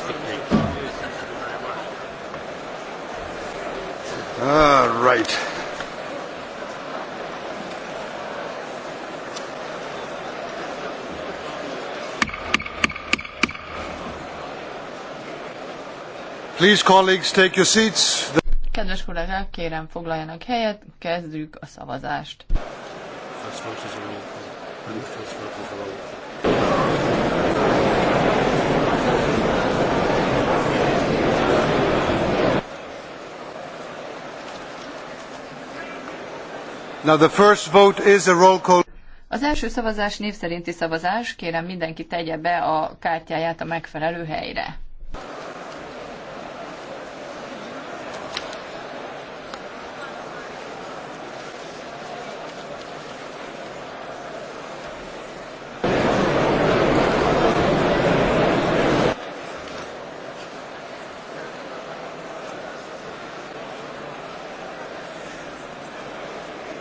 All right. Please, colleagues, take your seats. Kedves kollégák, kérem foglaljanak helyet, kezdjük a szavazást. First vote is a roll call. First vote is a roll call. Now the first vote is a roll call. Az első szavazás név szerinti szavazás, kérem mindenki tegye be a kártyáját a megfelelő helyre.